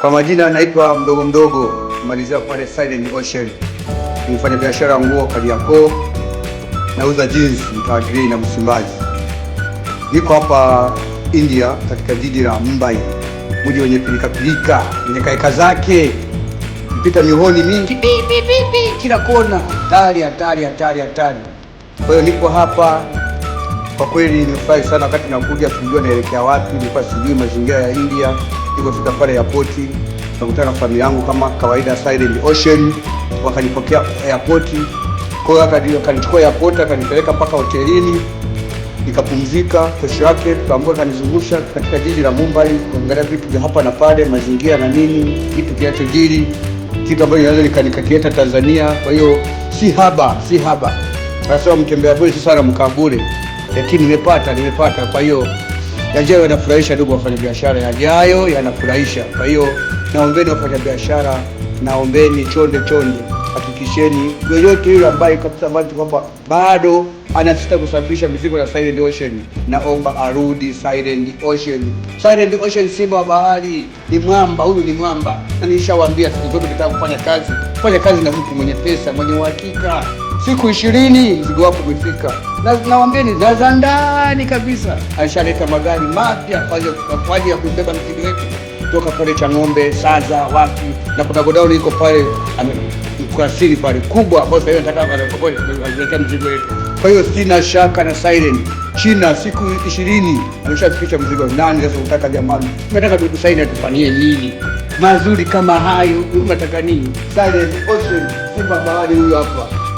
Kwa majina naitwa Mdogo Mdogo, malizia pale Silent Ocean. Ni biashara nguo Kariakoo, nauza jeans mtaa Grey na Msimbazi. Niko hapa India katika jiji la Mumbai, mji wenye pilika, wenye kaeka zake, mpita mihoni mingi kila kona, hatari hatari hatari hatari. Kwa hiyo niko hapa kwa kweli, nimefurahi sana wakati nakuja, kujua naelekea wapi, nilikuwa sijui mazingira ya India Tuko fika pale yapoti, nakutana familia yangu kama kawaida, Silent Ocean wakanipokea airport Kwa hiyo akanichukua airport akanipeleka mpaka hotelini nikapumzika. Kesho yake tukaambiwa, kanizungusha katika jiji la Mumbai kuangalia vitu vya hapa na pale, mazingira na nini, kitu kinachojiri, kitu ambacho inaweza nikanikatieta Tanzania. Kwa hiyo si haba, si haba, anasema mtembea bure si sana mkaa bure, lakini nimepata, nimepata. Kwa hiyo yajayo yanafurahisha, ndugu wafanyabiashara, yajayo yanafurahisha. Kwa hiyo naombeni wafanyabiashara, naombeni chonde chonde, hakikisheni yoyote yule ambaye kabisa kwamba bado anasita kusafirisha mizigo ya Silent Ocean, naomba arudi Silent Ocean. Silent Ocean simba wa bahari, ni mwamba huyu, ni mwamba, na nishawaambia siku zote kitaka kufanya kazi, kufanya kazi na mtu mwenye pesa, mwenye uhakika siku ishirini mzigo wako umefika. Na nawambieni ndani kabisa, alishaleta magari mapya kwa ajili ya kuibeba mzigo wetu kutoka pale Chang'ombe, Saza, wapi na kuna godauni iko pale Mkurasini pale kubwa, ambayo sasa nataka kuletea mzigo wetu. Kwa hiyo sina shaka na siren China siku ishirini ameshafikisha mzigo. Nani sasa unataka jamani, unataka bibi atufanyie nini? Mazuri kama hayo unataka nini? Silent Ocean, simba bahari huyo hapa.